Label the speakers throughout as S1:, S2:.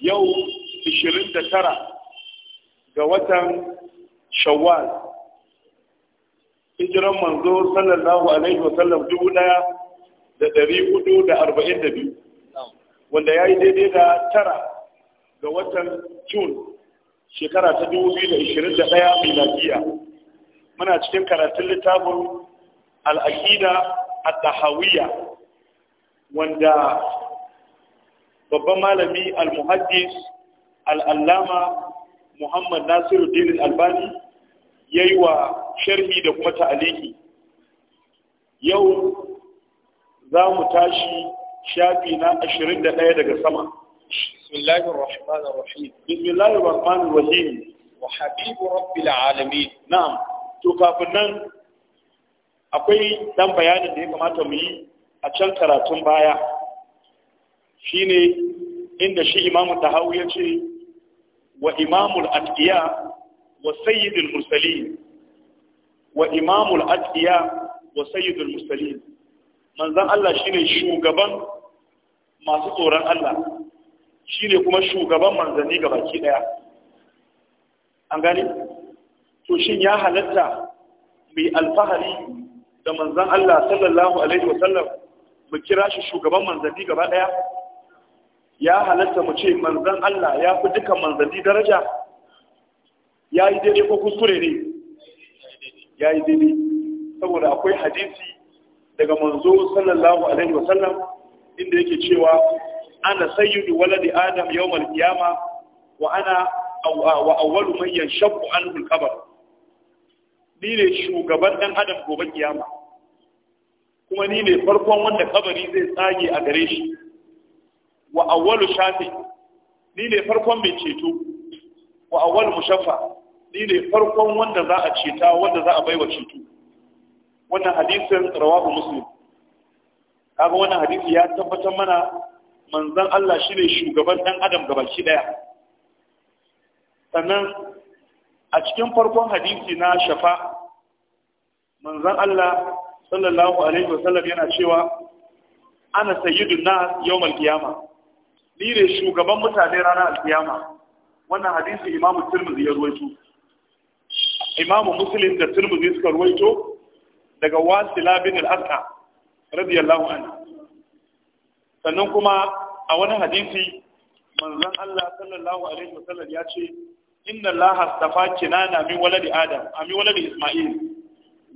S1: yau 29 ga watan shawwal hijiran manzo sallallahu alaihi wasallam dubu daya da dari hudu da arba'in da biyu wanda ya yi daidai da tara ga watan jun shekara ta dubu biyu da ishirin da daya miladiya muna cikin karatun littafin al'aqida a tahawiyya wanda babban malami al-muhaddis al Muhammad Nasiru, dinin albani ya yi wa sharhi da kuma ta'aliki yau za mu tashi shafi na 21 daga sama bismillahir rahmanir rahim bismillahir rahmanir rahim wa habibu rabbil alamin na'am to kafin nan akwai dan bayanin da ya kamata mu yi a can karatun baya shine inda shi imamu tahawi ya ce wa imamul atqiya wa sayyidul mursalin wa imamul atqiya wa sayyidul mursalin Manzan Allah shine shugaban masu tsoron Allah shine kuma shugaban manzanni baki daya an gani to shin ya halatta mai alfahari da manzan Allah sallallahu alaihi wa sallam mu kira shi shugaban manzanni gaba daya ya halatta mu ce manzan Allah ya fi duka manzanni daraja ya yi daidai ko kuskure ne ya yi daidai saboda akwai hadisi daga manzo sallallahu alaihi wasallam inda yake cewa ana sayyidu waladi adam yawmal qiyama wa ana wa awwalu man anhu al-qabr ni ne shugaban dan adam gobe kiyama kuma ni ne farkon wanda kabari zai tsage a gare shi wa awwalu shafi ni ne farkon mai ceto wa awwalu mushaffa ni ne farkon wanda za a ceta wanda za a baiwa ceto wannan hadisin rawahu muslim kaga wannan hadisi ya tabbatar mana manzon Allah shine shugaban dan adam gabaki daya sannan a cikin farkon hadisi na shafa manzon Allah sallallahu alaihi wasallam yana cewa ana sayyidun nas yawmal qiyamah ni ne shugaban mutane ranar alkiyama wannan hadisi imamu tirmidhi ya ruwaito imamu muslim da tirmidhi suka ruwaito daga wasila bin al-asqa radiyallahu anhu sannan kuma a wani hadisi manzon Allah sallallahu alaihi wasallam ya ce inna Allah astafa kinana min waladi adam amin waladi isma'il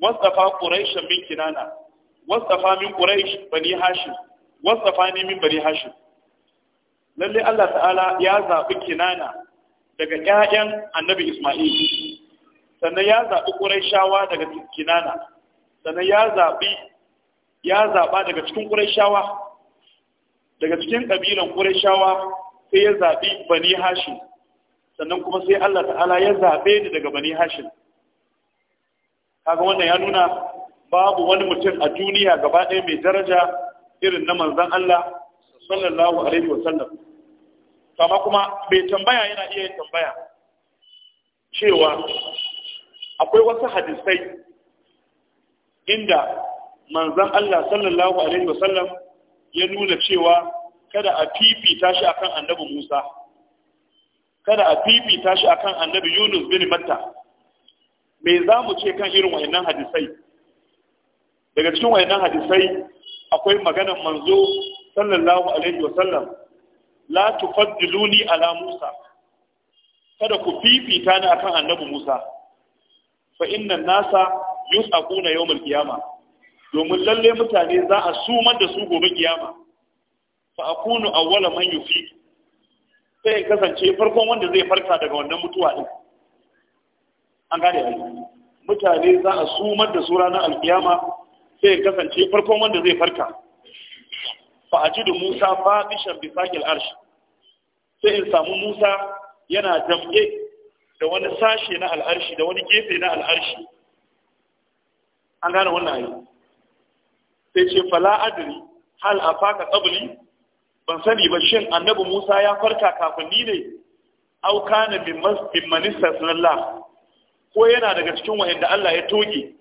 S1: wastafa quraish min kinana wastafa min quraish bani hashim wastafa ni min bani hashim lalle Allah ta'ala ya zaɓi kinana daga ƴaƴan annabi Ismail sannan ya zaɓi ƙurayshawa daga kinana sannan ya zaɓi ya zaɓa daga cikin ƙurayshawa daga cikin ƙabilan ƙurayshawa sai ya zaɓi bani hashim sannan kuma sai Allah ta'ala ya zaɓe ni daga bani hashim kaga wannan ya nuna babu wani mutum a duniya gaba ɗaya mai daraja irin na manzon Allah sallallahu alaihi wa sallam amma kuma bai tambaya yana iya tambaya cewa akwai wasu hadisai inda manzan Allah sallallahu alaihi wasallam ya nuna cewa kada a fifita shi akan annabi Musa kada a fifita shi akan annabi Yunus bin Matta me za mu ce kan irin wayannan hadisai daga cikin wayannan hadisai akwai maganar manzo sallallahu alaihi wasallam la tufaddiluni ala Musa kada ku fifita ni akan annabi Musa fa inna nasa yus'aquna yawmal qiyama domin lalle mutane za a sumar da su gobe kiyama fa akunu awwala man yufi sai kasance farkon wanda zai farka daga wannan mutuwa din an gane ai mutane za a sumar da su ranar alkiyama sai kasance farkon wanda zai farka fa ajidu Musa bishan bi sakil arsh sai in samu Musa yana jam'e da wani sashe na al'arshi da wani gefe na al'arshi an gane wannan ayi sai ce fala adri hal afaka qabli ban sani ba shin annabi Musa ya farka kafin ni ne au kana min masbin manista sallallahu ko yana daga cikin wanda Allah ya toge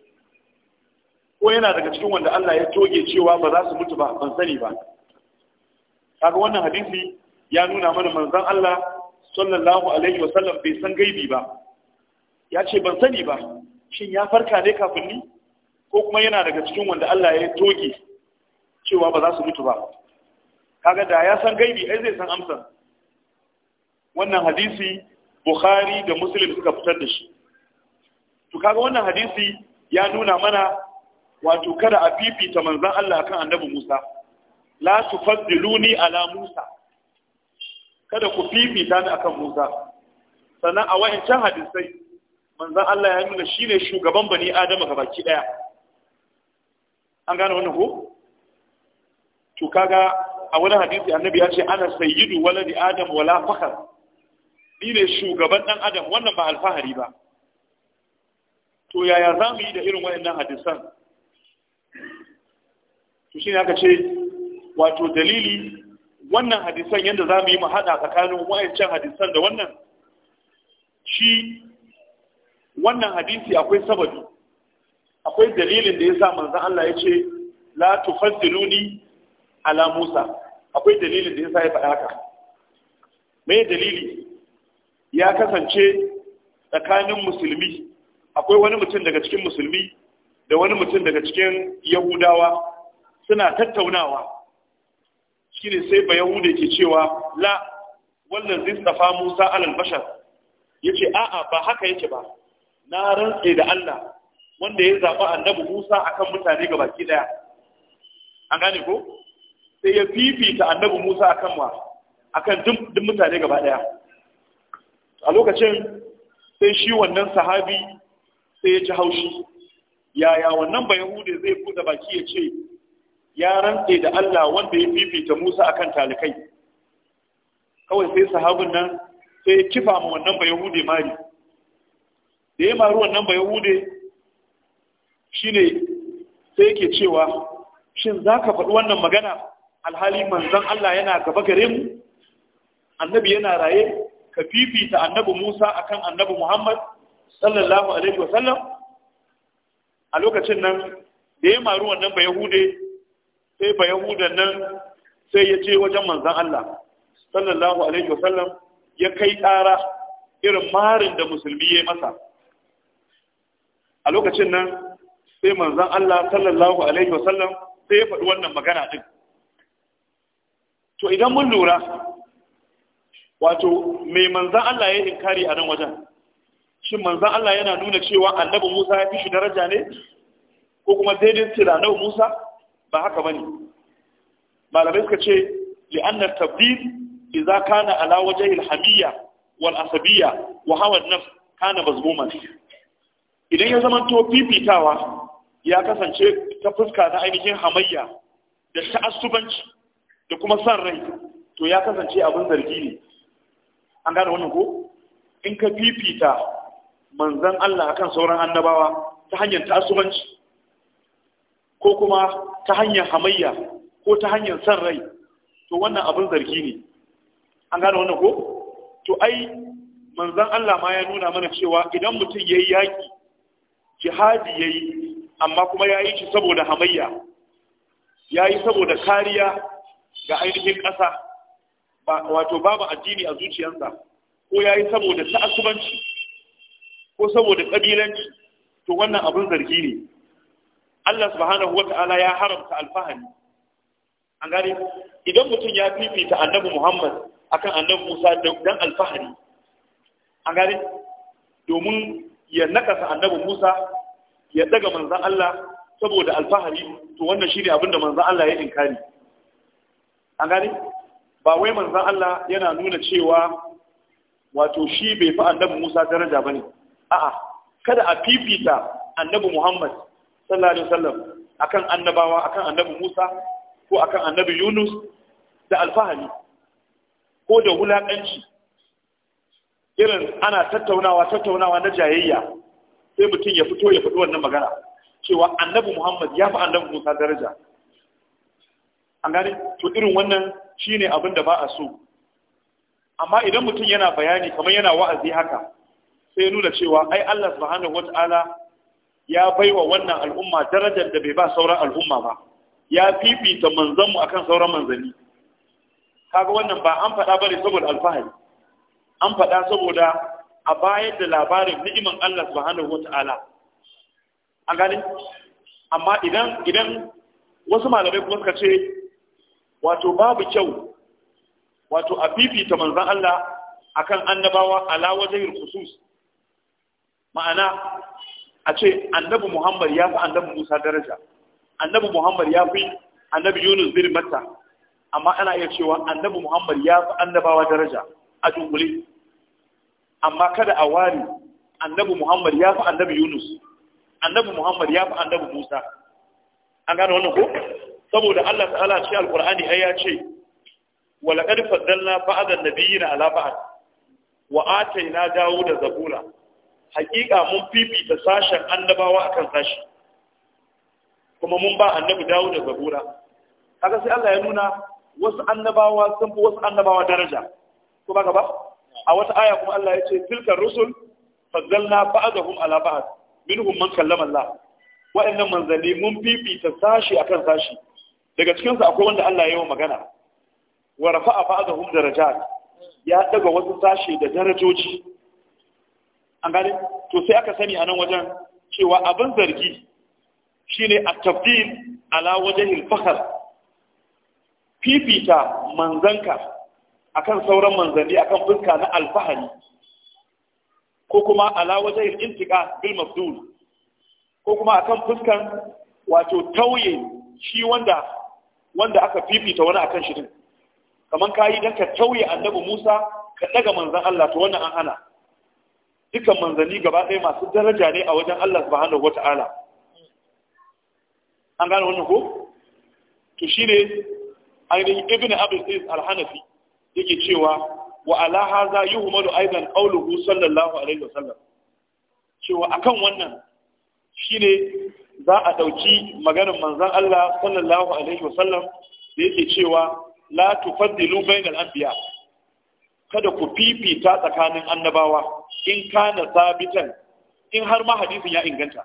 S1: ko yana daga cikin wanda Allah ya toge cewa ba za su mutu ba ban sani ba kaga wannan hadisi ya nuna mana manzon Allah sallallahu alaihi wa sallam bai san gaibi ba ya ce ban sani ba shin ya farka ne kafin ni ko kuma yana daga cikin wanda Allah ya toke cewa ba za su mutu ba kaga da ya san gaibi ai zai san amsa wannan hadisi Bukhari da Muslim suka fitar da shi to kaga wannan hadisi ya nuna mana wato kada a fifita manzon Allah akan annabi Musa la tufaddiluni ala Musa kada ku fifita ni akan Musa sannan a wayancan hadisai manzon Allah ya nuna shine shugaban bani Adam baki daya an gane wannan ko to kaga a wani hadisi annabi ya ce ana sayyidu waladi adam wala fakhar ni ne shugaban dan adam wannan ba alfahari ba to yaya za mu yi da irin wayannan hadisan to shine aka ce wato dalili wannan hadisan yadda za mu yi mu tsakanin wa'ancan hadisan da wannan shi wannan hadisi akwai sababi akwai dalilin da ya sa manzan Allah ya ce la tufaddiluni ala Musa akwai dalilin da ya sa ya faɗa haka me dalili ya kasance tsakanin musulmi akwai wani mutum daga cikin musulmi da wani mutum daga cikin yahudawa suna tattaunawa shine sai ba yahuda ke cewa la wannan tsafa musa alal bashar yace a'a ba haka yake ba na rantse da Allah wanda ya zaba annabi musa akan mutane ga baki daya an gane ko sai ya fifita annabi musa akan wa akan duk mutane gaba daya a lokacin sai shi wannan sahabi sai ya ci haushi yaya wannan ba yahude zai buɗe baki ya ce ya rantse da Allah wanda ya fifita Musa akan talikai kawai sai sahabin nan sai ya kifa mu wannan ba Yahude mari da ya maru wannan ba Yahude shine sai yake cewa shin zaka faɗi wannan magana alhali manzon Allah yana gaba gare mu annabi yana raye ka fifita annabi Musa akan annabi Muhammad sallallahu alaihi wasallam a lokacin nan da ya maru wannan ba Yahude sai ba yahudan nan sai ya ce wajen manzan Allah sallallahu alaihi wasallam ya kai ƙara irin marin da musulmi ya yi masa a lokacin nan sai manzan Allah sallallahu alaihi wasallam sai ya faɗi wannan magana ɗin to idan mun lura wato mai manzan Allah ya inkari a nan wajen shin manzan Allah yana nuna cewa annabi Musa ya fi shi daraja ne ko kuma daidai da annabi Musa ba haka bane malamai suka ce li'anar tabdil idza kana ala wajen ilhamiyya wal asabiyya wa hawa nafs kana mazmuman idan ya zama to fifitawa ya kasance ta fuska na ainihin hamayya da ta'assubanci da kuma san rai to ya kasance abin zargi ne an gane wannan ko in ka fifita manzon Allah akan sauran annabawa ta hanyar ta'assubanci ko kuma ta hanyar hamayya ko ta hanyar san rai to wannan abin zargi ne an gane wannan ko to ai manzon Allah ma ya nuna mana cewa idan mutum yayi yaki jihadi yayi amma kuma yayi shi saboda hamayya yayi saboda kariya ga ainihin ƙasa wato babu addini a zuciyarsa ko yayi saboda ta'assubanci ko saboda kabilanci to wannan abin zargi ne Allah subhanahu wata'ala ya haramta alfahari an gane idan mutum ya fifita annabi Muhammad akan annabi Musa dan alfahari an gane domin ya nakasa annabi Musa ya daga manzon Allah saboda alfahari to wannan shine abin da manzon Allah ya inkari an gane ba wai manzon Allah yana nuna cewa wato shi bai fi annabi Musa daraja bane a'a kada a fifita annabi Muhammad sallallahu alaihi wasallam akan annabawa akan annabi Musa ko akan annabi Yunus da alfahari ko da wulakanci irin ana tattaunawa tattaunawa na jayayya sai mutum ya fito ya fito wannan magana cewa annabi Muhammad ya fi annabi Musa daraja an gane to irin wannan shine abin da ba a so amma idan mutum yana bayani kamar yana wa'azi haka sai ya nuna cewa ai Allah subhanahu wata'ala ya baiwa wannan al'umma darajar da bai ba sauran al'umma ba ya fifita manzanmu akan sauran manzanni kaga wannan ba an faɗa bane saboda alfahari an faɗa saboda a bayar da labarin ni'iman Allah subhanahu wata'ala an gani amma idan idan wasu malamai kuma suka ce wato babu kyau wato a fifita manzan Allah akan annabawa ala wajhil khusus ma'ana a ce annabi muhammad ya fi annabi musa daraja annabi muhammad ya fi annabi yunus bin matta amma ana iya cewa annabi muhammad ya fi annabawa daraja a dunkule amma kada a wari annabi muhammad ya fi annabi yunus annabi muhammad ya fi annabi musa an gane wannan ko saboda allah ta'ala ce alkur'ani ai ya ce walaƙar faddalna ba'adan nabiyina ala ba'ad wa ataina dawuda zabula. hakika mun fifita sashen annabawa akan sashi kuma mun ba annabi dawo da zabura kaga sai Allah ya nuna wasu annabawa sun fi wasu annabawa daraja ko ba ba a wata aya kuma Allah ya ce tilkar rusul fazzalna ba'dahum ala ba'd minhum man kallama Allah wa'annan manzali mun fifita sashi akan sashi daga cikin su akwai wanda Allah ya yi magana wa rafa'a ba'dahum darajat ya daga wasu sashi da darajoji an gane to sai aka sani a nan wajen cewa abin zargi shine at-tabdil ala wajen fakhr fifita manzanka akan sauran manzanni akan fuska na alfahari ko kuma ala wajen intiqa bil mafdul ko kuma akan fuskan wato tauye shi wanda wanda aka fifita wani akan shi din kaman kayi dan ka tauye annabi Musa ka daga manzan Allah to wannan an hana dukan manzanni gaba ɗaya masu daraja ne a wajen Allah subhanahu wata'ala an gane wannan ko to shine ainihin ibn abdul al-hanafi yake cewa wa ala hadha yuhmalu aidan qawluhu sallallahu alaihi wasallam cewa akan wannan shine za a dauki maganar manzon Allah sallallahu alaihi wasallam da yake cewa la tufaddilu bainal anbiya kada ku fifita tsakanin annabawa in kana sabitan in har ma hadisin ya inganta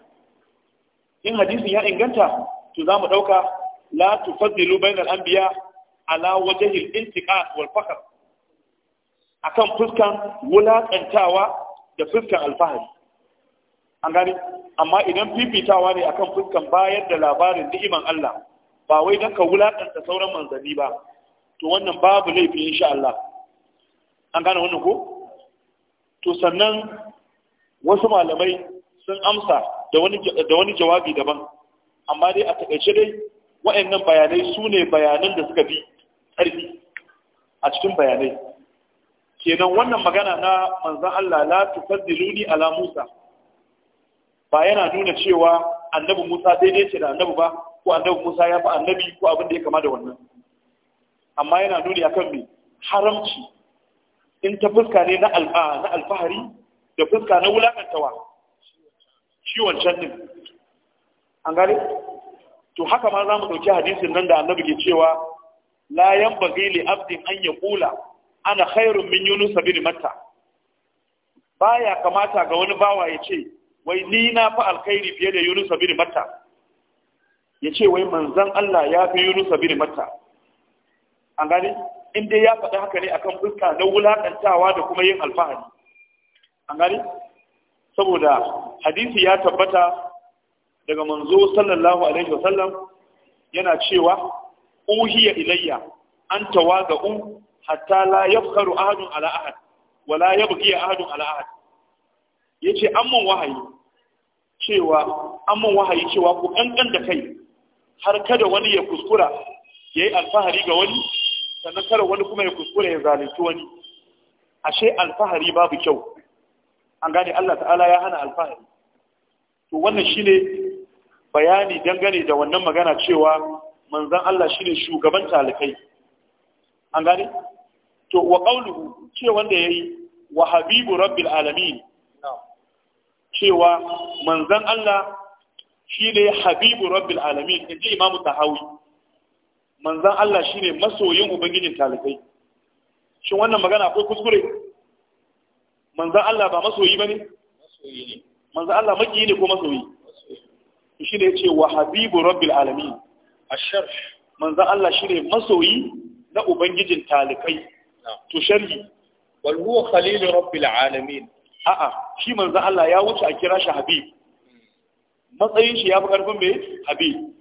S1: in hadisin ya inganta to za mu ɗauka la tufaddilu bainal anbiya ala wajhil intiqas wal fakhr akan fuskan wulakantawa da fuskan alfahari an gani amma idan fifitawa ne akan fuskan bayar da labarin ni'iman Allah ba wai dan ka wulakanta sauran manzanni ba to wannan babu laifi insha Allah an gane wannan ko to sannan wasu malamai sun amsa da wani jawabi daban amma dai a takaice dai wa'annan bayanai su ne bayanan da suka bi ƙarfi a cikin bayanai kenan wannan magana na manzan Allah la tufaddiluni ala Musa ba yana nuna cewa annabi Musa daidai ce da annabi ba ko annabi Musa ya fi annabi ko abin da ya kama da wannan amma yana nuni akan me haramci in ta fuska ne na alfahari da fuska na wulakantawa Ciwon can din an gari to haka ma za mu ɗauki hadisin nan da annabi ke cewa layan yan bagili abdin an ya kula ana khairun min yunus bin matta baya kamata ga wani bawa ya ce wai ni na fi alkhairi fiye da yunus bin matta ya ce wai manzan Allah ya fi yunus bin matta an gani. in dai ya faɗi haka ne akan fuska na wulaƙantawa da kuma yin alfahari an gani saboda hadisi ya tabbata daga manzo sallallahu alaihi wasallam yana cewa uhiya ilayya an tawaga tawaga'u hatta la yafkharu ahadun ala ahad wa la yabghi ahadun ala ahad yace amman wahayi cewa amman wahayi cewa ku kankan da kai har kada wani ya kuskura yayi alfahari ga wani sannan kada wani kuma ya kuskure ya zalunci wani ashe alfahari babu kyau an gane Allah ta'ala ya hana alfahari to wannan shine bayani dangane da wannan magana cewa manzan Allah shine shugaban talikai an gane to wa qawluhu ce wanda yayi wa habibu rabbil alamin cewa manzan Allah shine habibu rabbil alamin inji imamu tahawi manzan Allah shi ne masoyin ubangijin talibai shin wannan magana akwai kuskure manzan Allah ba masoyi ba ne? manzan Allah maki ne ko masoyi shi ne ce wa habibu rabbil alami a manzan Allah shi ne masoyi na ubangijin talibai to Walhu wal huwa khalilu rabbil alamin a'a shi manzan Allah ya wuce a kira shi habib hmm. matsayin shi ya fi ƙarfin mai habib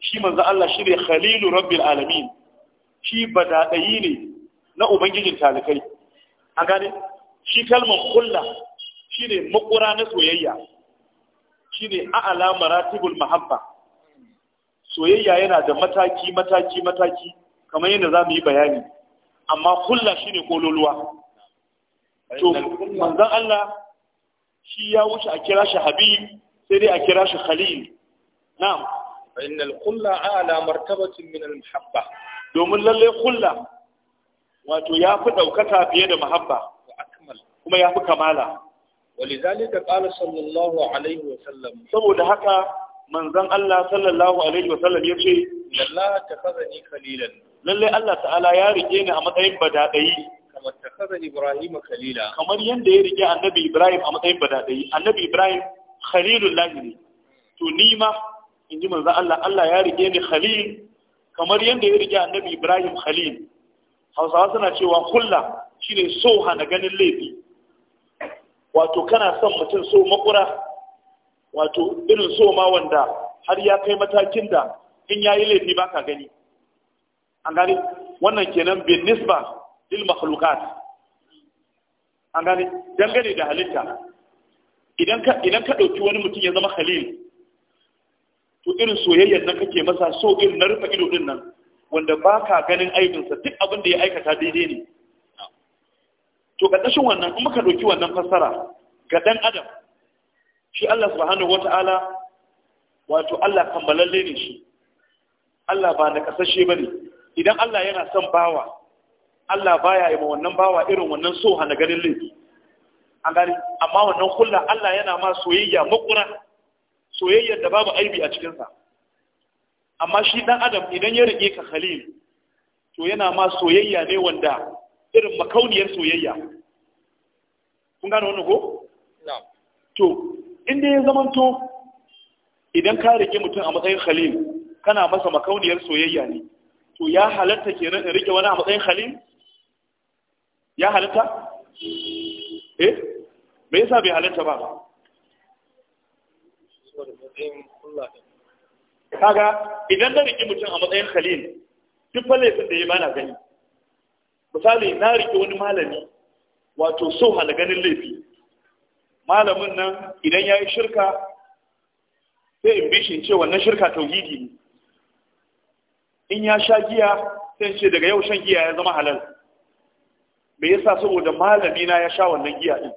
S1: shi manzo Allah shi ne khalilu rabbil alamin shi badadayi ne na ubangijin talikai an gane shi kalmar kulla shi ne makura na soyayya shi ne a'ala maratibul mahabba soyayya yana da mataki mataki mataki kamar yadda za mu yi bayani amma kulla shi ne kololuwa to manzan Allah shi ya wuce a kira shi habib sai dai a kira shi khalil na'am fa innal khulla a'la martabatin min muhabba domin lalle khulla wato ya fi daukaka fiye da muhabba wa akmal kuma ya fi kamala ولذلك قال صلى الله عليه وسلم saboda haka manzon Allah sallallahu alaihi wasallam yace Allah takhazani khalilan lalle Allah ta'ala ya rike ni a matsayin badadai kamar takhazani Ibrahim khalila kamar yanda ya rike annabi Ibrahim a matsayin badadai annabi Ibrahim khalilullah ne to ni ma in ji manzo Allah Allah ya rike ni khalil kamar yadda ya rike annabi Ibrahim khalil Hausawa suna cewa kulla shine so hana ganin laifi wato kana son mutum so makura wato irin so ma wanda har ya kai matakin da in yayi laifi baka gani an gani wannan kenan bin nisba lil makhluqat an gani dangane da halitta idan ka idan ka dauki wani mutum ya zama khalil to irin soyayyar na kake masa so irin na rufe ido din nan wanda ba ka ganin aibinsa duk abin da ya aikata daidai ne to ƙarƙashin wannan in muka ɗauki wannan fassara ga ɗan adam shi Allah subhanahu wata'ala wato Allah kammalalle ne shi Allah ba na kasashe bane idan Allah yana son bawa Allah baya yi ma wannan bawa irin wannan so hana ganin laifi an gani amma wannan kulla Allah yana ma soyayya makura soyayyar da babu aibi a cikinsa amma shi ɗan adam idan ya rike ka khalil to yana ma soyayya ne wanda irin makauniyar soyayya kun gane wannan ko to inda ya zamanto idan ka rike mutum a matsayin khalil kana masa makauniyar soyayya ne to ya halatta ke rike wani a matsayin khalil ya halatta eh me yasa bai halatta ba kaga idan na riki mutum a matsayin khalil duk falefin da ya bana gani misali na riki wani malami wato so hana ganin laifi malamin nan idan ya yi shirka sai in bishin ce wannan shirka tauhidi ne in ya sha giya sai ce daga yau shan giya ya zama halal me yasa saboda malami na ya sha wannan giya din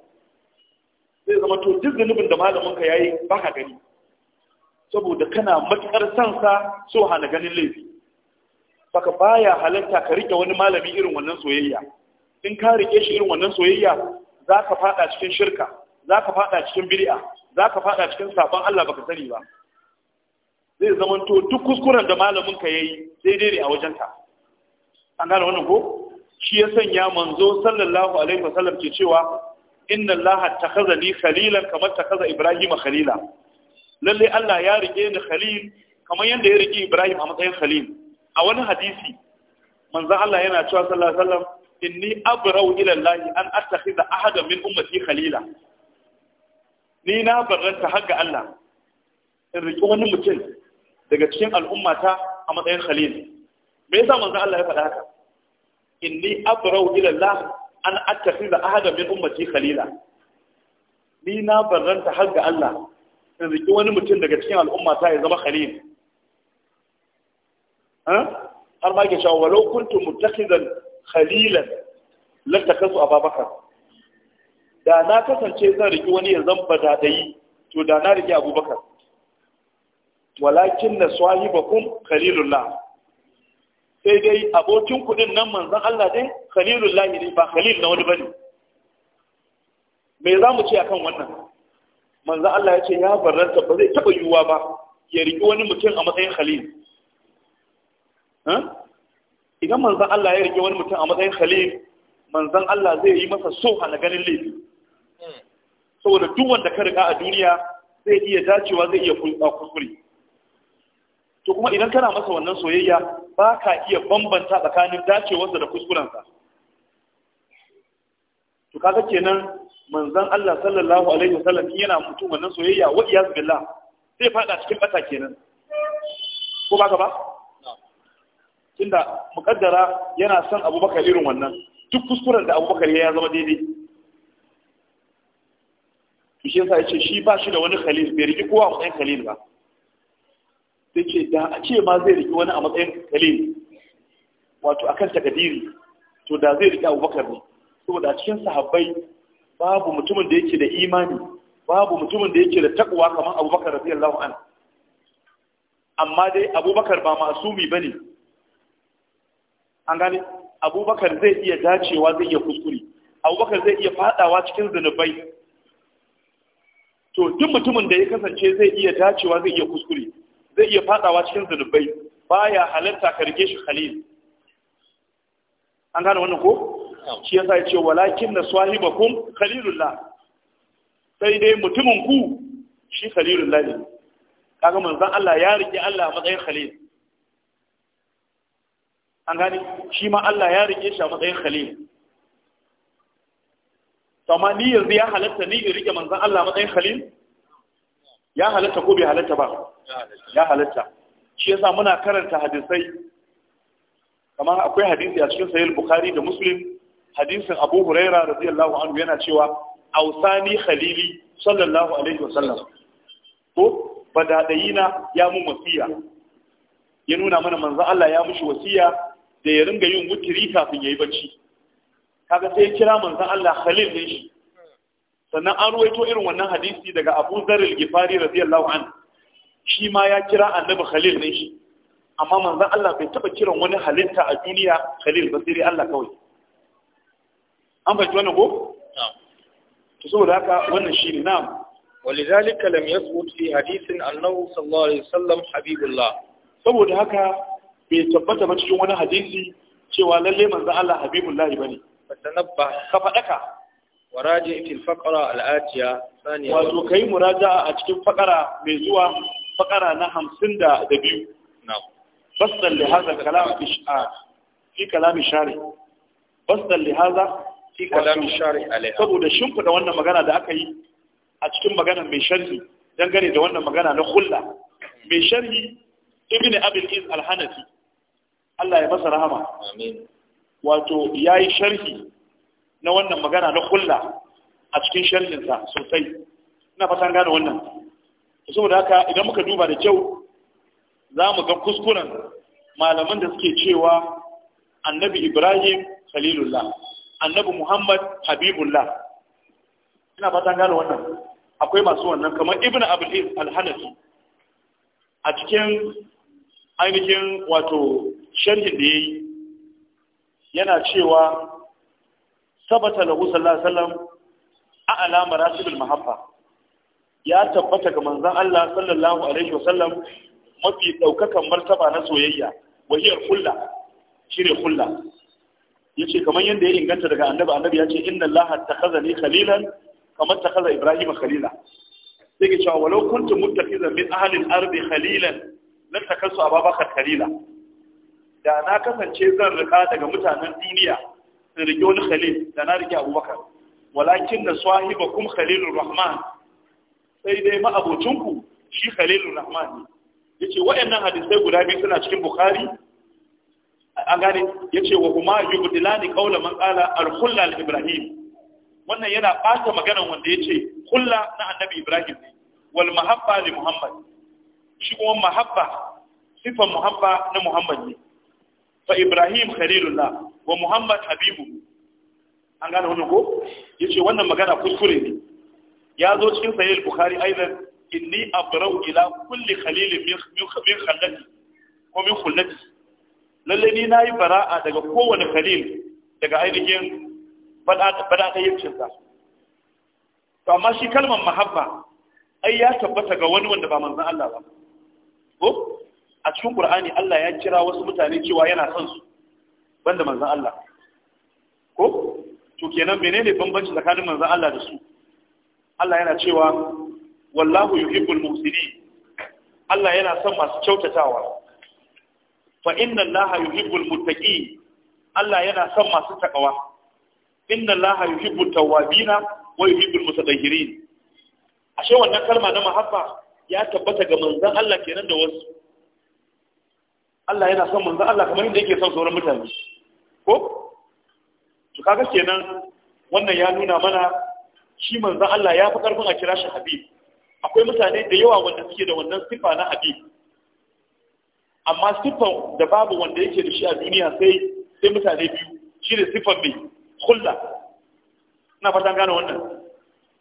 S1: zai zama to duk zunubin da malamin ka yayi ba ka gani saboda kana matukar son sa so hana ganin laifi baka baya halatta ka rike wani malami irin wannan soyayya in ka rike shi irin wannan soyayya zaka fada cikin shirka zaka fada cikin bid'a zaka fada cikin sabon Allah baka sani ba zai zamanto duk kuskuren da malamin ka yayi daidai ne a wajen ka. an gane wannan ko shi ya sanya manzo sallallahu alaihi wasallam ke cewa inna allaha takhazani khalilan kamar takhaza ibrahima khalila Lallai Allah ya rike ni khalil kamar yadda ya rike Ibrahim a matsayin khalil a wani hadisi manzo Allah yana cewa sallallahu alaihi wasallam inni abrau ila Allah an attakhidha ahada min ummati khalila ni na barranta har ga Allah in rike wani mutum daga cikin al'ummata a matsayin khalil me yasa manzo Allah ya faɗa haka inni abrau ila Allah an attakhidha ahada min ummati khalila ni na barranta har ga Allah in riki wani mutum daga cikin al'umma ta ya zama khalil har ma ke cewa walau kuntu muttakidan khalilan a ababakar da na kasance zan riki wani ya zamba dadayi to da na riki abubakar walakin na khalilullah sai dai abokin kudin nan manzon Allah din khalilullah ne ba khalil na wani bane me za mu ce akan wannan manzo Allah ya ce ya barranta ba zai taba yiwuwa ba ya riki wani mutum a matsayin khalil idan manzo Allah ya riƙe wani mutum a matsayin khalil manzo Allah zai yi masa so a na ganin laifi saboda duk wanda ka riƙa a duniya zai iya dacewa zai iya kuskure to kuma idan kana masa wannan soyayya ba ka iya bambanta tsakanin dacewarsa da kuskurensa to kaga kenan manzan Allah sallallahu alaihi wasallam yana mutum wannan soyayya wa iyaz billah zai fada cikin bata kenan ko baka ba tunda mukaddara yana son Abubakar irin wannan duk kuskuren da Abubakar ya zama daidai to shi ya ce shi ba shi da wani khalil bai riki kowa a matsayin khalil ba sai ce da a ce ma zai riki wani a matsayin khalil wato akan takadiri to da zai riki Abubakar ne saboda cikin sahabbai babu mutumin da yake da imani babu mutumin da yake da takwa kamar abubakar radiyallahu anhu amma dai abubakar ba masumi bane an gane abubakar zai iya dacewa zai iya kuskure abubakar zai iya fadawa cikin zunubai to duk mutumin da ya kasance zai iya dacewa zai iya kuskure zai iya fadawa cikin zunubai baya halarta ka shi khalil an gane wannan ko shi yasa ya ce walakin na sahibakum khalilullah sai dai mutumin ku shi khalilullah ne kaga manzon Allah ya rike Allah matsayin khalil an gani shi ma Allah ya rike shi a matsayin khalil amma ni yanzu ya halatta ni in rike manzon Allah matsayin khalil ya halatta ko bai halatta ba ya halatta shi yasa muna karanta hadisai kamar akwai hadisi a cikin sahih bukhari da muslim hadisin Abu Huraira radiyallahu anhu yana cewa ausani khalili sallallahu alaihi wasallam ko badadayina ya mu wasiya ya nuna mana manzo Allah ya mushi wasiya da ya ringa yin wutiri kafin yayi bacci kaga sai ya kira manzo Allah khalil din shi sannan an ruwaito irin wannan hadisi daga Abu Zaril Gifari radiyallahu anhu shi ma ya kira annabi khalil din shi amma manzo Allah bai taba kiran wani halitta a duniya khalil ba sai Allah kawai an fahimci wannan ko to saboda haka wannan shi ne na'am ولذلك لم يثبت في حديث أنه صلى الله عليه وسلم حبيب الله saboda haka bai tabbata ba cikin wani hadisi cewa lalle manzo Allah habibullahi bane fatanabba ka fadaka waraji fil faqra al atiya thaniya wato kai muraja'a a cikin faqara mai zuwa faqara na 52 na'am basal li hadha kalam fi fi kalam shari basal li hadha fi kalamin saboda shimfida wannan magana da aka yi a cikin magana mai sharhi dangane da wannan magana na hulla mai sharhi ibn abin is alhanafi. Allah ya masa rahama Wato ya yi sharhi na wannan magana na hulla a cikin sharhin sosai ina fatan gane wannan saboda haka idan muka duba da kyau za mu ga kuskuren malaman da suke cewa annabi ibrahim khalilullah annabi muhammad habibullah ina fatan gane wannan akwai masu wannan kamar ibn abdul al-hanafi a cikin ainihin wato sharhin da yayi yana cewa sabata lahu sallallahu alaihi wasallam a'la maratibul mahabba ya tabbata ga manzon Allah sallallahu alaihi wasallam mafi daukakan martaba na soyayya wahiyar kulla shine kulla yace kamar yadda ya inganta daga annabi annabi ya ce inna allaha takhazani khalilan kamar takhaza ibrahim khalila sai ke cewa walau kuntum muttakhizan min ahli al-ardi khalilan lan takassu ababakar khalila da na kasance zan rika daga mutanen duniya in rike wani khalil da na rike abubakar walakin da sahibakum khalilur rahman sai dai ma'abocinku shi khalilur rahman ne yace waɗannan hadisai guda biyu suna cikin bukhari an gane ya ce wa kuma yubdilani kaula man qala al khulla al ibrahim wannan yana ɓata maganan wanda ya ce khulla na annabi ibrahim ne wal mahabba li muhammad shi kuma mahabba sifan muhabba na muhammad ne fa ibrahim khalilullah wa muhammad habibu an gane wannan ko yace wannan magana kuskure ne ya zo cikin sahih bukhari aidan inni abrau ila kulli khalil min khallati ko min khullati lalle ni na yi bara'a daga kowane kalil daga ainihin badaɗayyancinsa to amma shi kalmar mahabba ai ya tabbata ga wani wanda ba manzan Allah ba ko a cikin ƙur'ani Allah ya kira wasu mutane cewa yana son su banda manzan Allah ko to kenan menene bambanci tsakanin manzan Allah da su Allah yana cewa wallahu yuhibbul muhsinin Allah yana son masu kyautatawa fa inna allaha yuhibbul muttaqin Allah yana son masu takawa inna allaha yuhibbut tawwabina wa yuhibbul mutatahhirin ashe wannan kalma na mahabba ya tabbata ga manzon Allah kenan da wasu Allah yana son manzon Allah kamar yadda yake son sauran mutane ko to kaga kenan wannan ya nuna mana shi manzon Allah ya fi karfin a kira shi habib akwai mutane da yawa wanda suke da wannan sifa na habib amma siffan da babu wanda yake da shi a duniya sai sai mutane biyu shi ne siffan mai hulla na fatan gane wannan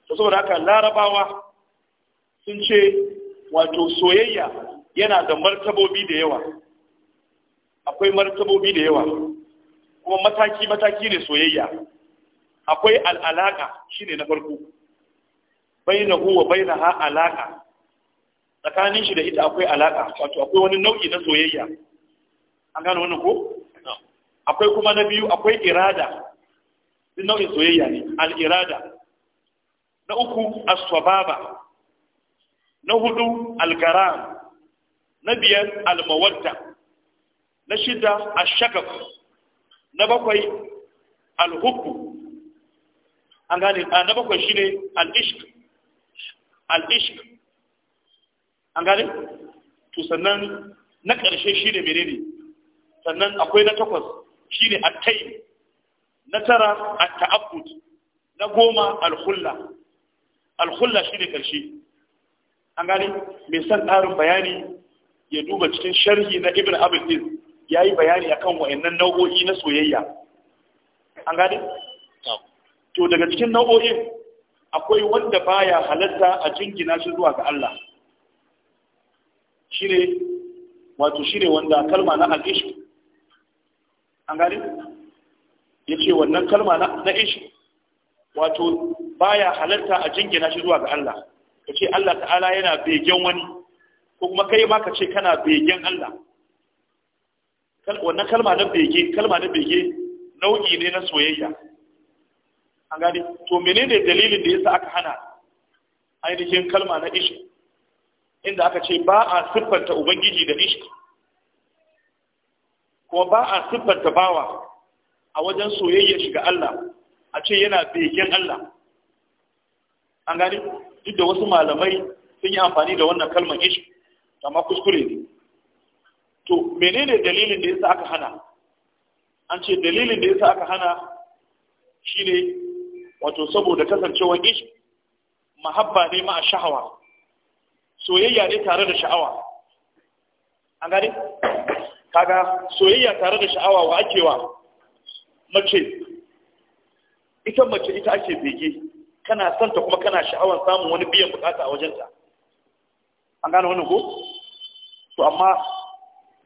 S1: ta saboda haka larabawa sun ce wato soyayya yana da martabobi da yawa akwai martabobi da yawa kuma mataki-mataki ne soyayya akwai al'alaka shi ne na farko bai na huwa bai na ha tsakanin shi da ita akwai alaka wato akwai wani nau'i na soyayya an gano wannan ko akwai kuma na biyu akwai irada din nau'in soyayya ne al-irada na uku as-sababa na hudu al-garam na biyar al-mawadda na shida ash-shagaf na bakwai al-hubbu an gane ah, na bakwai shine al-ishq al-ishq an gane to sannan na ƙarshe shi ne ne sannan akwai na takwas shi ne attai na tara a ta'abbud na goma alhulla alhulla shi ne ƙarshe an gane mai son ƙarin bayani ya duba cikin sharhi na ibn abdul ya yi bayani akan wa'annan nau'o'i na soyayya an gane to daga cikin nau'o'in akwai wanda baya halatta a jingina shi zuwa ga Allah shine wato shine wanda kalma na al-ishq an ya yace wannan kalma na na wato baya halarta a jingina shi zuwa ga Allah ce Allah ta'ala yana begen wani ko kuma kai ma ce kana begen Allah wannan kalma na bege kalma na bege nau'i ne na soyayya an gari to menene dalilin da yasa aka hana ainihin kalma na ishi inda aka ce ba a siffanta ubangiji da ishki kuma ba a siffanta bawa a wajen soyayya shiga Allah a ce yana begen Allah an gani duk da wasu malamai sun yi amfani da wannan kalmar ishq amma kuskure ne to menene dalilin da yasa aka hana an ce dalilin da yasa aka hana shine wato saboda kasancewar ishki mahabba ne ma a shahawa soyayya ne tare da sha'awa an gani kaga soyayya tare da sha'awa wa ake wa mace ita mace ita ake bege kana santa kuma kana sha'awar samun wani biyan bukata a wajenta an gane wani ko to amma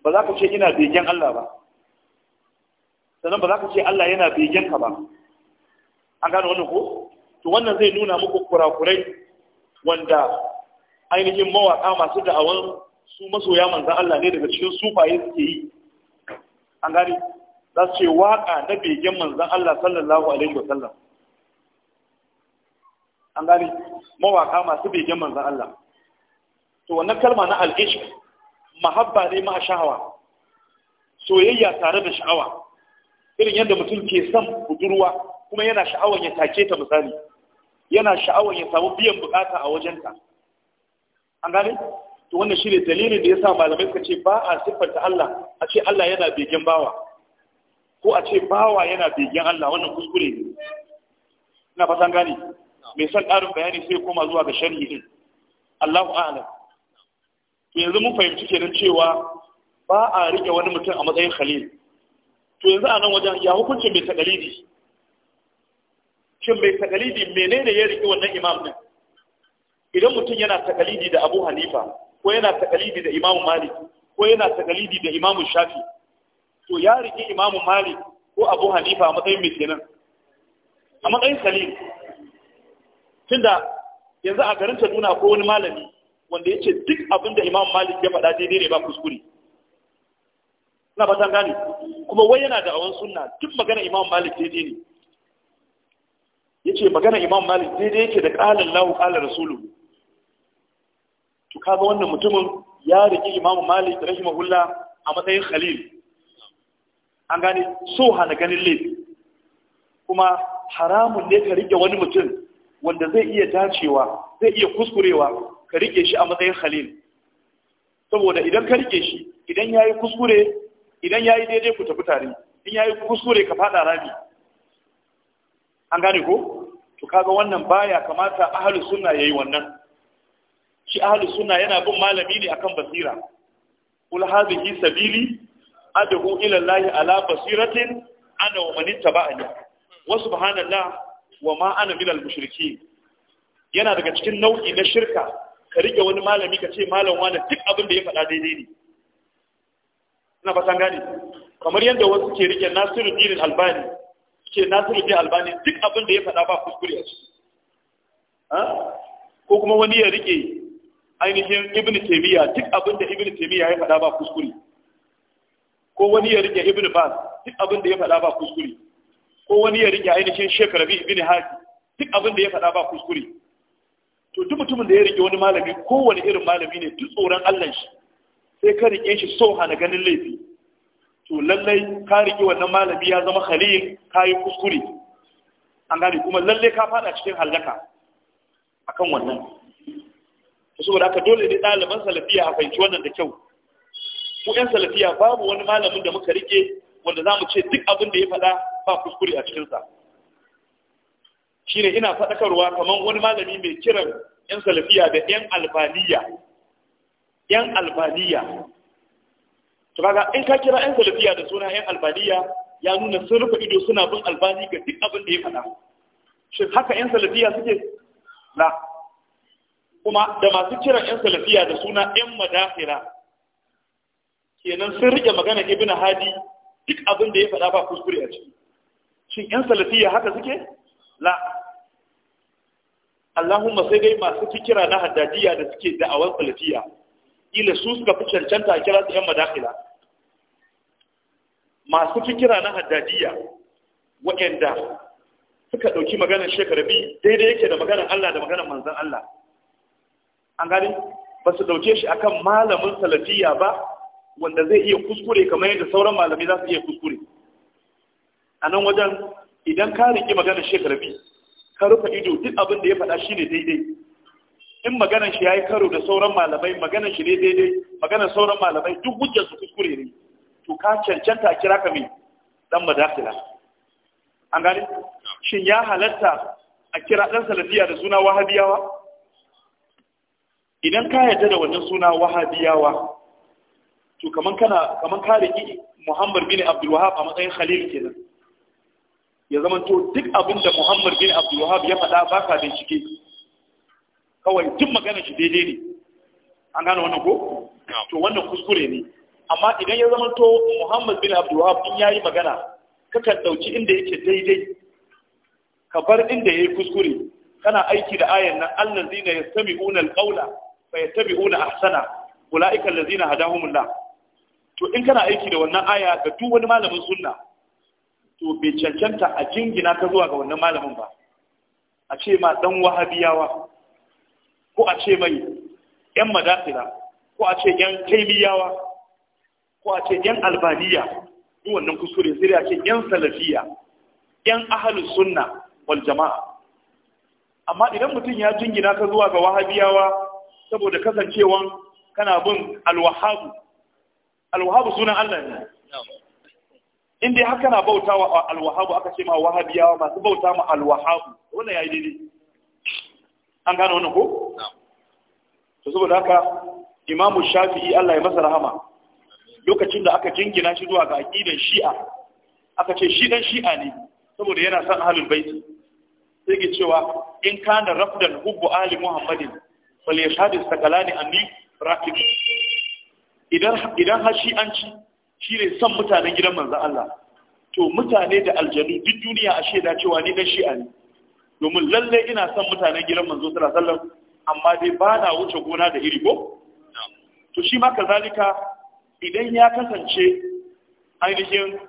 S1: ba za ka ce ina begen Allah ba sannan ba za ka ce Allah yana begen ka ba an gane wani ko to wannan zai nuna muku kurakurai wanda ainihin mawaƙa masu da'awar su masoya manzan Allah ne daga cikin sufaye suke yi an gani za su ce waƙa na begen manzan Allah sallallahu alaihi wasallam an gani mawaƙa masu begen manzan Allah to wannan kalma na al'ishq mahabba ne ma sha'awa soyayya tare da sha'awa irin yadda mutum ke son budurwa kuma yana sha'awan ya take ta misali yana sha'awan ya samu biyan bukata a wajenta an gane to wannan shi ne dalilin da ya sa malamai suka ce ba a siffanta Allah a ce Allah yana begen bawa ko a ce bawa yana begen Allah wannan kuskure ne ina fatan gane Me san karin bayani sai koma zuwa ga sharhi din Allahu a'lam to yanzu mun fahimci kenan cewa ba a rike wani mutum a matsayin khalil to yanzu a nan wajen ya hukunci mai takalidi shin mai takalidi menene ya rike wannan imam din idan mutum yana takalidi da abu hanifa ko yana takalidi da imamu malik ko yana takalidi da imamu shafi to ya riki imamu malik ko abu hanifa a matsayin mai kenan a matsayin salim tunda yanzu a garin kaduna ko wani malami wanda ya ce duk abin da imamu malik ya faɗa daidai ne ba kuskure na batan gane kuma wai yana da awon sunna duk magana imamu malik daidai ne ya ce magana imam malik daidai yake da ƙalin lahu ƙalin rasulu to kaga wannan mutumin ya riki imamu malik rahimahullah a matsayin khalil an gane so hana ganin laifi kuma haramun ne ka rike wani mutum wanda zai iya dacewa zai iya kuskurewa ka rike shi a matsayin khalil saboda idan ka rike shi idan yayi kuskure idan yayi daidai ku tafi tare in yayi kuskure ka fada rami an gane ko to kaga wannan baya kamata ahlus sunna yayi wannan shi ahlus sunna yana bin malami ne akan basira kul hadhihi sabili ad'u ila allahi ala basiratin ana wa man ittaba'ani wa subhanallah wa ma ana minal mushrikeen yana daga cikin nau'i na shirka ka rike wani malami ka ce malam wani duk abin da ya faɗa daidai ne ina ba san gane kamar yadda wasu ke rike nasiru dinin albani ke nasiru dinin albani duk abin da ya faɗa ba kuskure a ciki ko kuma wani ya rike ainihin ibn Taimiyya duk abin da ibn Taimiyya ya faɗa ba kuskure ko wani ya rike ibn bas duk abin da ya faɗa ba kuskure ko wani ya rike ainihin shek rabi ibn hadi duk abin da ya faɗa ba kuskure to duk mutumin da ya rike wani malami ko wani irin malami ne duk tsoron Allah shi sai ka rike shi so hana ganin laifi to lallai ka rike wannan malami ya zama khalil ka yi kuskure an gane kuma lallai ka faɗa cikin halaka akan wannan saboda haka dole ne ɗaliban salafiya a fahimci wannan da kyau Ko ƴan salafiya babu wani malamin da muka rike wanda za mu ce duk abin da ya faɗa ba kuskure a cikinsa shine ina faɗakarwa kamar wani malami mai kiran ƴan salafiya da ƴan albaniya ƴan albaniya to kaga in ka kira ƴan salafiya da suna ƴan albaniya ya nuna sun rufe ido suna bin albani ga duk abin da ya faɗa shin haka ƴan salafiya suke la kuma da masu kiran 'yan salafiya da suna 'yan madafira kenan sun rike magana ibn hadi duk abin da ya faɗa ba kuskure a ciki shin 'yan salafiya haka suke la Allahumma sai dai masu fikira na haddadiya da suke da'awar salafiya ila su suka fi cancanta a kira su 'yan madafira masu fikira na haddadiya wa'anda suka ɗauki maganar shekarabi daidai yake da maganar Allah da maganar manzan Allah an gani ba su dauke shi akan malamin salafiya ba wanda zai iya kuskure kamar yadda sauran malamai za su iya kuskure a nan wajen idan ka riƙi maganar shekarabi ka rufe ido duk abin da ya faɗa shi ne daidai in maganar shi ya yi karo da sauran malamai maganar shi ne daidai maganar sauran malamai duk hujjar su kuskure ne to ka cancanta kira ka mai dan madakila an gani shin ya halatta a kira ɗan salafiya da suna wahabiyawa idan ka yarda da wannan suna wahabiyawa to kaman kana kaman ka riki Muhammad bin Abdul Wahhab a matsayin khalil kenan ya zama to duk abin da Muhammad bin Abdul Wahhab ya faɗa ba ka bincike kawai duk magana shi daidai ne an gane wannan ko to wannan kuskure ne amma idan ya zama to Muhammad bin Abdul Wahhab in yayi magana kakan dauki inda yake daidai ka bar inda yayi kuskure kana aiki da ayan nan allazina yastami'una alqawla fayattabi'una ahsana ulaika allazina hadahumullah to in kana aiki da wannan aya ga duk wani malamin sunna to bai cancanta a jingina ka zuwa ga wannan malamin ba a ce ma dan wahabiyawa ko a ce mai yan madafira ko a ce yan taimiyawa ko a ce yan albaniya duk wannan kuskure sai a ce yan salafiya yan ahlus sunna wal jama'a amma idan mutum ya jingina ka zuwa ga wahabiyawa saboda kasancewa kana bin alwahabu alwahabu sunan Allah ne Inda dai haka na bauta wa alwahabu aka ce ma wahabiyawa masu bauta ma alwahabu wannan yayi daidai an gano wannan ko to saboda haka imamu shafi'i Allah ya masa rahama lokacin da aka jingina shi zuwa ga aƙidan shi'a aka ce shi dan shi'a ne saboda yana san ahlul baiti sai ke cewa in kana rafdan hubbu ali muhammadin fal yashhadu sakalani anni raqib idan idan har shi an ci shine son mutanen gidan manzon Allah to mutane da aljanu duk duniya a shaida cewa ni dan shi'a ne domin lalle ina son mutanen gidan manzo sallallahu alaihi wasallam amma dai ba na wuce gona da iri ko to shi ma kazalika idan ya kasance ainihin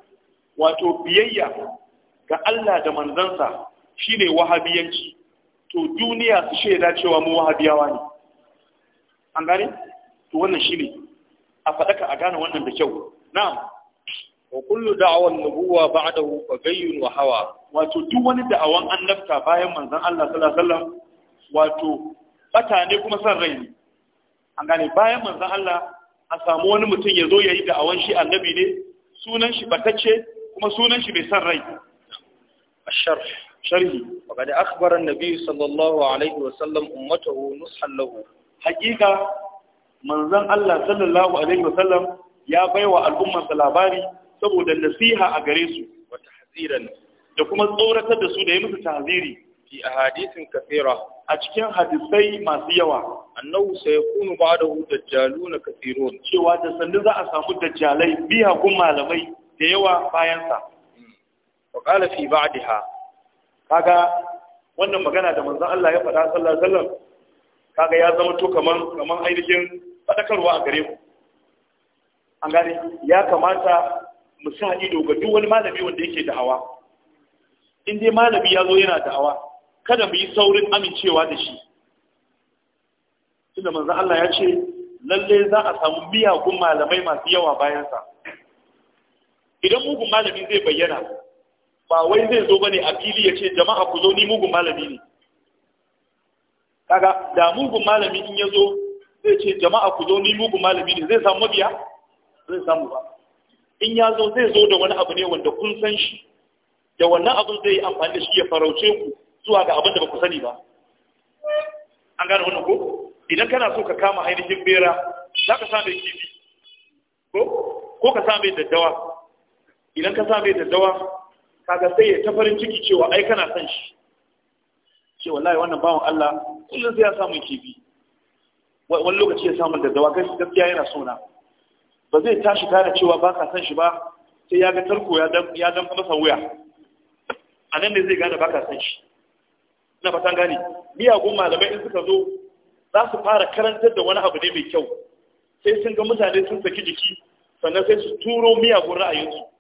S1: wato biyayya ga Allah da manzansa shine wahabiyanci to duniya su da cewa mu wahabiyawa ne an gane to wannan shine a faɗaka a gane wannan da kyau na'am wa kullu da'awan nubuwa ba'dahu fagayyun wa hawa wato duk wani da'awan annabta bayan manzon Allah sallallahu alaihi wasallam wato bata ne kuma san rai ne an gane bayan manzon Allah a samu wani mutum ya zo yayi da'awan shi annabi ne sunan shi batacce kuma sunan shi bai san rai الشرح sharhi wakad akhbara an-nabi sallallahu alaihi wa sallam ummatahu nushan lahu haqiqa manzon Allah sallallahu alaihi wa sallam ya baiwa al'ummarsa labari saboda nasiha a gare su wa tahziran da kuma tsoratar da su da yi musu Ki a hadisin kathira a cikin hadisai masu yawa annahu sayakunu ba'dahu dajjaluna kathirun cewa da sanin za a samu dajjalai biya hakun malamai da yawa bayan sa وقال في بعدها kaga wannan magana da manzon Allah ya faɗa sallallahu alaihi wasallam kaga ya zama to kaman kaman ainihin fadakarwa a gare ku. an gane ya kamata mu sa ido ga duk wani malami wanda yake hawa. in dai malami ya zo yana hawa, kada mu yi saurin amincewa da shi tunda manzon Allah ya ce lalle za a samu miyagun malamai masu yawa bayansa idan mugun malami zai bayyana ba wai zai zo bane a fili ya ce jama'a ku zo ni mugun malami ne kaga da mugun malami in ya zo zai ce jama'a ku zo ni mugun malami ne zai samu mabiya zai samu ba in ya zo zai zo da wani abu ne wanda kun san shi da wannan abin zai yi amfani da shi ya farauce ku zuwa ga abin da ba ku sani ba an gane wannan ko idan kana so ka kama ainihin bera za ka sa mai kifi ko ka sa mai daddawa idan ka sa mai daddawa kaga sai ya ta farin ciki cewa ai kana son shi ce wallahi wannan bawan Allah kullun sai ya samu kifi wani lokaci ya samu da dawa gaskiya yana sona ba zai tashi kana cewa ba ka son shi ba sai ya ga tarko ya dan masa wuya a nan ne zai gane ba ka son shi ina fatan gane miyagun malamai in suka zo za su fara karantar da wani abu ne mai kyau sai sun ga mutane sun saki jiki sannan sai su turo miyagun ra'ayinsu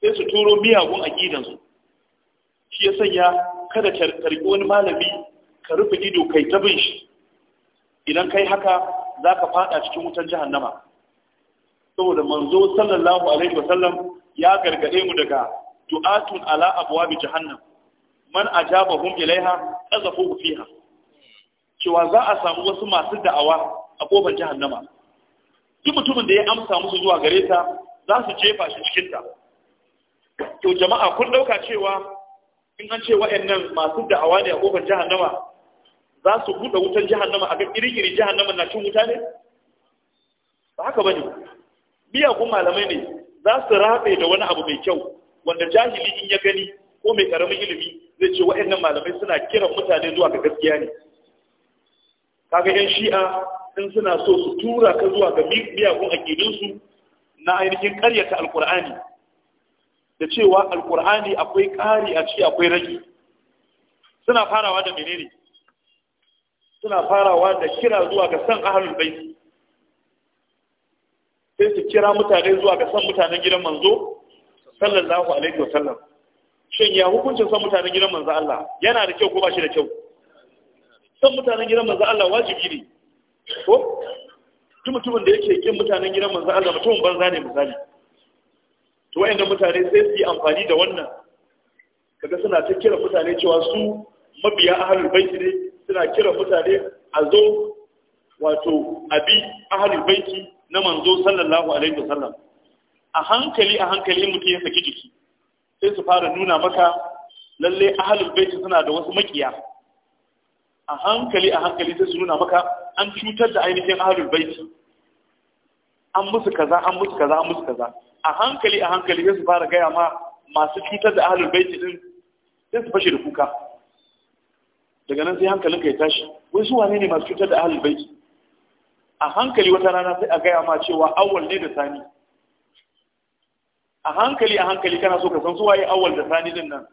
S1: sai su turo miyagun aƙidansu shi ya sanya kada ta wani malami ka rufe ido kai ta bin shi idan kai haka za ka fada cikin jihar jahannama saboda manzo sallallahu alaihi wasallam ya gargaɗe mu daga du'atun ala bi jahannam man ajabahum ilaiha qazafu fiha cewa za a samu wasu masu da'awa a kofar jahannama duk mutumin da ya amsa musu zuwa gare ta za su jefa shi cikin ta to jama'a kun ɗauka cewa in an ce wa'annan masu da'awa ne a kofar jahannama za su buɗe wutar jahannama a kan iri-iri jahannama na cin wuta ne ba haka ba ne miyagun malamai ne za su rabe da wani abu mai kyau wanda jahili in ya gani ko mai karamin ilimi zai ce wa'annan malamai suna kiran mutane zuwa ga gaskiya ne kaga yan shi'a in suna so su tura ka zuwa ga miyagun aƙidinsu na ainihin ƙaryata alkur'ani da cewa alkur'ani akwai ƙari a ciki akwai rage suna farawa da menene suna farawa da kira zuwa ga san ahlul bait sai su kira mutane zuwa ga san mutanen gidan manzo sallallahu alaihi wasallam shin ya hukuncin san mutanen gidan manzo Allah yana da kyau ko ba shi da kyau san mutanen gidan manzo Allah wajibi ne ko duk mutumin da yake kin mutanen gidan manzo Allah mutumin banza ne misali to da mutane sai su yi amfani da wannan kaga suna ta kira mutane cewa su mabiya ahalin baiki ne suna kira mutane a zo wato abi ahalin baiki na manzo sallallahu alaihi wasallam a hankali a hankali mutum ya saki jiki sai su fara nuna maka lalle ahalin baiki suna da wasu makiya a hankali a hankali sai su nuna maka an cutar da ainihin ahalin baiki an musu kaza an musu kaza an musu kaza a hankali a hankali sai su fara gaya ma masu cutar da ahalin baiti din sai su fashe da kuka daga nan sai hankalin ka ya tashi wai su wane ne masu cutar da ahalin baiti a hankali wata rana sai a gaya ma cewa awal ne da sani a hankali a hankali kana so ka san su waye awal da sani din nan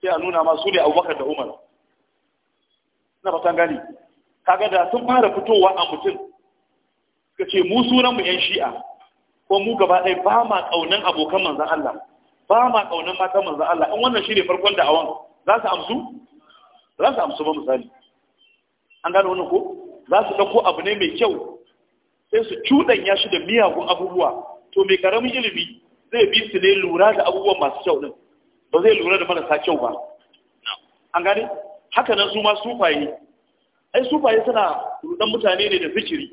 S1: sai a nuna ma su ne abubakar da umar na fatan gani kaga da sun fara fitowa a mutum suka ce mu sunan mu yan shi'a ko mu gaba ɗaya ba ma ƙaunan abokan manzan Allah ba ma ƙaunan matan manzan Allah in wannan shi ne farkon da'awan za su amsu za su amsu ba misali an gano wani ko za su ɗauko abu ne mai kyau sai su cuɗanya shi da miyagun abubuwa to mai ƙaramin ilimi zai bi su ne lura da abubuwan masu kyau ɗin ba zai lura da marasa kyau ba an gane haka nan su ma sufaye ai sufaye suna rudan mutane ne da fikiri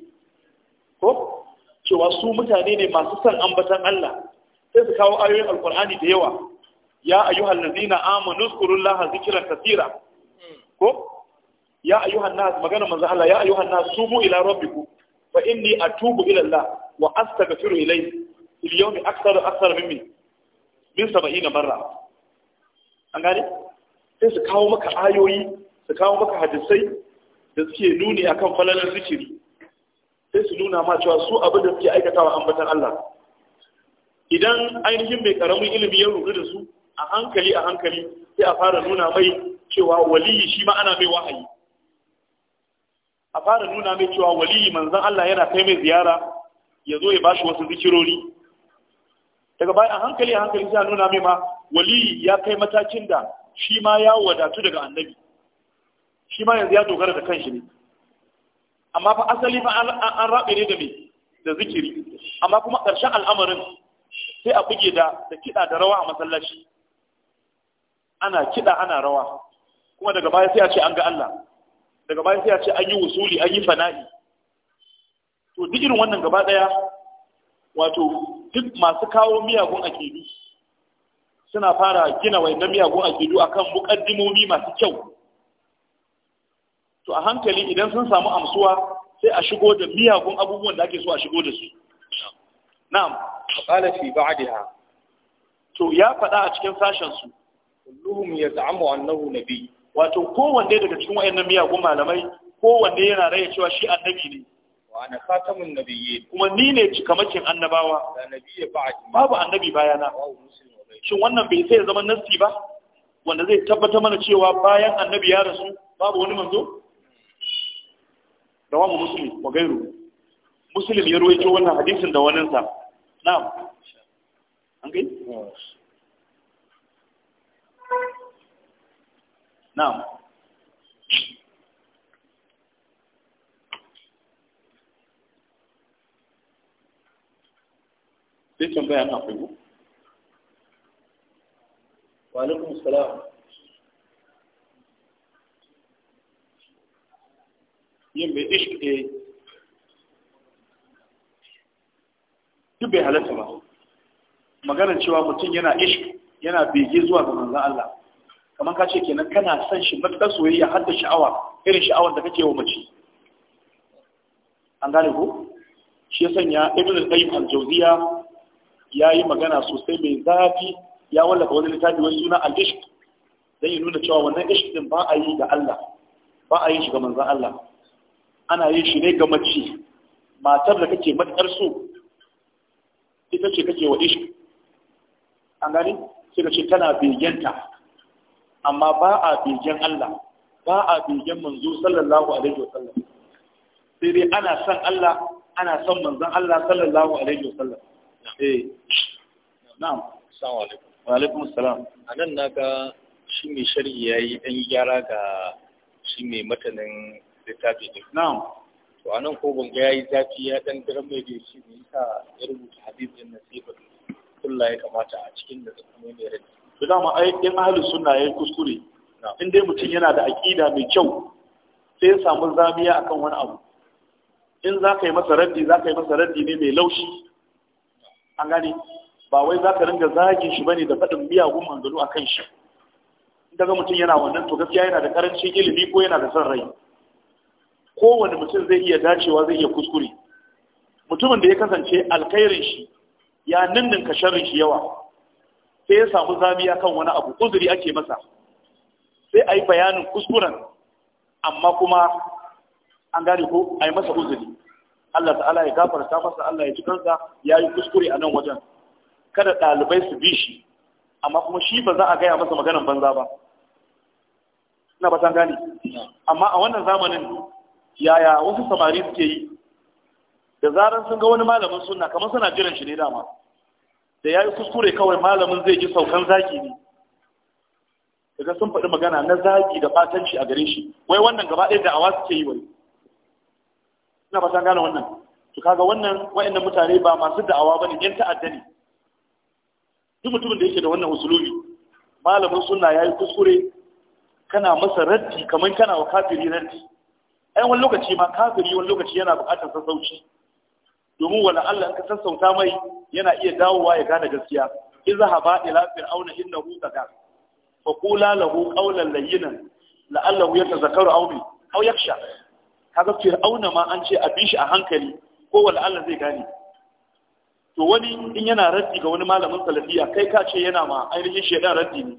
S1: ko cewa su mutane ne masu son ambatan Allah sai su kawo ayoyin alkur'ani da yawa ya ayyuhal ladina amanu zkurullaha zikran kaseera ko ya ayyuhan nas magana manzo Allah ya ayyuhan nas tubu ila rabbikum fa inni atubu ila Allah wa astaghfiru ilayhi fil yawmi akthar akthar minni min 70 marra an gane sai su kawo maka ayoyi su kawo maka hadisai da suke nuni akan falalar zikiri nuna ma cewa su abin da suke aikatawa ambatan Allah idan ainihin mai karamin ilimi ya rubu da su a hankali a hankali sai a fara nuna mai cewa waliyi shi ma ana mai wahayi a fara nuna mai cewa waliyi manzon Allah yana kai mai ziyara ya zo ya bashi wasu zikirori daga baya a hankali a hankali sai a nuna mai ma waliyi ya kai matakin da shi ma ya wadatu daga annabi shi ma yanzu ya dogara da kanshi ne amma fa asali fa an rabe ne da me da zikiri amma kuma ƙarshen al'amarin sai a buge da da kiɗa da rawa a masallaci ana kiɗa ana rawa kuma daga baya sai a ce an ga Allah daga baya sai a ce an yi wusuli an yi fana'i to duk irin wannan gaba ɗaya wato duk masu kawo miyagun akidu suna fara gina wayannan miyagun akidu akan muƙaddimomi masu kyau to a hankali idan sun samu amsuwa sai a shigo da miyagun abubuwan da ake so a shigo da su na'am qala fi ba'daha to ya faɗa a cikin sashen su kulluhum yaz'amu annahu nabi wato kowanne daga cikin wayannan miyagun malamai kowanne yana raye cewa shi annabi ne wa ana khatamun nabiyyi kuma ni ne cikamakin annabawa da ba'di babu annabi bayana shin wannan bai sai zama nasi ba wanda zai tabbata mana cewa bayan annabi ya rasu babu wani manzo rawahu muslim wa gairu muslim ya ruwaito wannan hadisin da wannan sa na'am an kai na'am sai tambaya na akwai wa alaikum salam yin mai ishq da bai halatta ba Maganin cewa mutum yana ishq yana bege zuwa ga manzan Allah kamar ka ce kenan kana son shi matuƙar soyayya har da sha'awa irin sha'awar da kake wa mace an gane ko shi ya sanya ibn al-qayyim al-jawziya yayi magana sosai mai zafi ya wallafa wani littafi wani suna al-ishq dan ya nuna cewa wannan ishq din ba a yi ga Allah ba a yi shi ga manzon Allah ana yin shi ne ga mace matar da kake matsar so ita ce kake wa ishi an gani sai ka ce tana begenta amma ba a begen Allah ba a begen manzo sallallahu alaihi wasallam sai dai ana son Allah ana son manzon Allah sallallahu alaihi wasallam eh na'am assalamu alaikum wa alaikum assalam anan naga shi mai shari'i yayi dan gyara ga shi mai matanin littafi din na'am to nan ko ban ga yayi zafi ya dan daren mai da shi ne ta ya rubuta hadisi din nasiba kulla ya kamata a cikin da kuma ne rai to dama ai in ahlus sunna yayi kuskure in dai mutum yana da aqida mai kyau sai ya samu zamiya akan wani abu in za ka yi masa raddi za ka yi masa raddi ne mai laushi an gane ba wai za ka ringa zagin shi bane da faɗin miyagun manzanni a kan shi daga mutum yana wannan to gaskiya yana da karancin ilimi ko yana da son rai kowane mutum zai iya dacewa zai iya kuskure mutumin da ya kasance alkhairin shi ya ka sharrin shi yawa sai ya samu zamiya kan wani abu uzuri ake masa sai a yi bayanin kuskuren amma kuma an gane ko a yi masa uzuri Allah ta'ala ya gafarta masa Allah ya ji kansa ya yi kuskure a nan wajen kada ɗalibai su bi shi amma kuma shi ba za a gaya masa maganan banza ba ina ba san gane amma a wannan zamanin yaya wasu samari suke yi da zarar sun ga wani malamin suna kamar suna jiran shi ne dama da ya yi kuskure kawai malamin zai ji saukan zaki ne daga sun faɗi magana na zagi da fatanci a gare shi wai wannan gaba ɗaya da awa suke yi wai ina fatan gane wannan to kaga wannan wa'annan mutane ba masu da'awa bane yan ta'adda ne duk mutumin da yake da wannan usulubi malamin suna ya yi kuskure kana masa raddi kamar kana wa kafiri raddi ai wani lokaci ma kafiri wani lokaci yana buƙatar sassauci domin wala Allah in ka sassauta mai yana iya dawowa ya gane gaskiya izhaba ila fir'auna hu taga fa qula lahu qawlan layyinan la'allahu yatazakkaru aw aw yakhsha kaga fir'auna ma an ce a bi shi a hankali ko wala Allah zai gane to wani in yana raddi ga wani malamin salafiya kai ka ce yana ma ainihin shedan raddi ne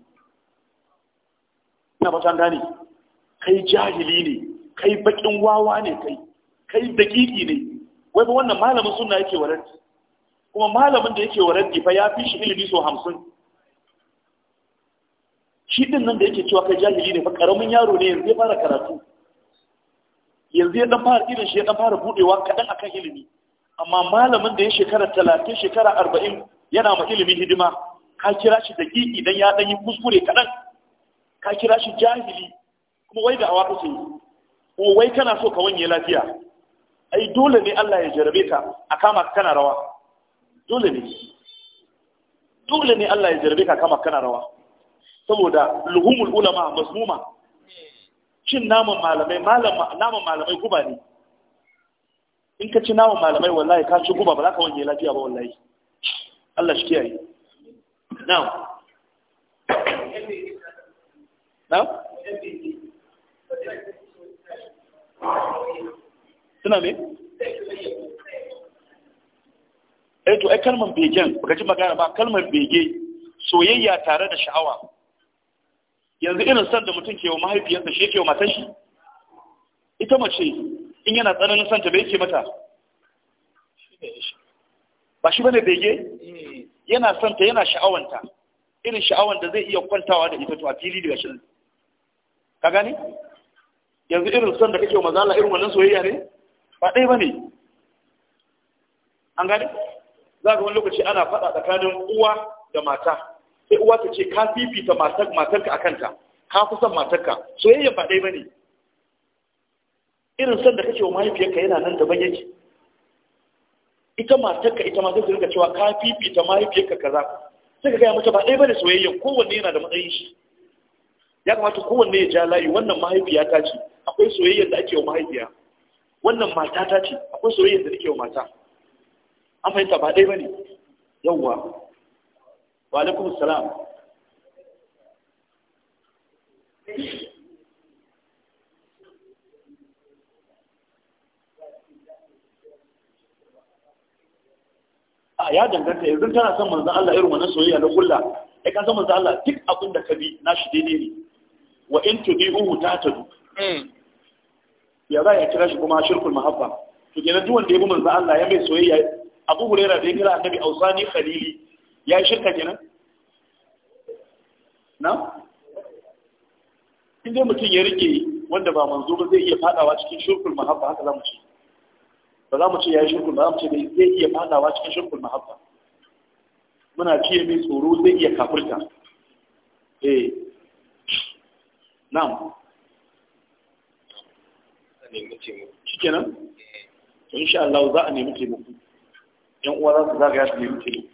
S1: ina ba gane kai jahili ne kai bakin wawa ne kai kai dakiki ne wai ba wannan malamin sunna yake waranti kuma malamin da yake waranti fa ya fi shi ilimi so hamsin shi din nan da yake cewa kai jahili ne fa karamin yaro ne yanzu ya fara karatu yanzu ya dan fara irin shi ya dan fara budewa kadan akan ilimi amma malamin da ya shekara 30 shekara 40 yana ma ilimi hidima ka kira shi dakiki idan ya dan yi kuskure kadan ka kira shi jahili kuma wai da awa kace ko wai kana so ka wanye lafiya ai dole ne Allah ya jarabe ka a kama kana rawa dole ne dole ne Allah ya jarabe ka kama kana rawa saboda luhumul ulama masmuma cin naman malamai naman malamai guba ne in ka ci naman malamai wallahi ka ci guba ba za ka wanye lafiya ba wallahi Allah shi kiyaye now now suna ne? eh to ai kalmar begen baka ji magana ba kalmar bege soyayya tare da sha'awa yanzu irin san da mutum ke wa mahaifiyarsa shi yake wa matan shi ita mace in yana tsananin san ta bai mata ba shi bane bege yana son ta yana sha'awanta irin sha'awan da zai iya kwantawa da ita to a fili daga shi ka gane yanzu irin son da kake wa mazala irin wannan soyayya ne ba dai bane an gane za ga wani lokaci ana faɗa tsakanin uwa da mata sai uwa ta ce ka fifita matarka a kanta ka fi son matarka soyayya ba dai bane irin son da kake wa mahaifiyarka yana nan daban yake ita matarka ita ma sai su rinka cewa ka fifita mahaifiyarka kaza sai ka gaya mata ba ɗaya bane soyayya kowanne yana da matsayin shi ya kamata kowanne ya ja layi wannan mahaifiya ta ce akwai soyayyar da ake wa mahaifiya wannan mata ta ce akwai soyayyar da ake wa mata an fahimta ba ɗaya ba ne yawwa wa alaikum salam a ya danganta yanzu tana son manzan Allah irin wannan soyayya na kulla ya kan san manzan Allah duk abin da ka bi na shi daidai ne wa in tudi'uhu ta tadu mm. ya za ya kira shi kuma shirkul mahabba to kenan duk wanda ya bi manzo Allah ya mai soyayya Abu Huraira da ya kira Annabi Ausani Khalili ya yi shirka kenan na in dai mutum ya rike wanda ba manzo ba zai iya fadawa cikin shirkul mahabba haka za mu ce ba za mu ce ya yi shirkul ba za mu ce zai iya fadawa cikin shirkul mahabba muna ciye mai tsoro zai iya kafirta eh na'am nemi taimako shikenan to insha Allah za a nemi taimako yan uwa za su su nemi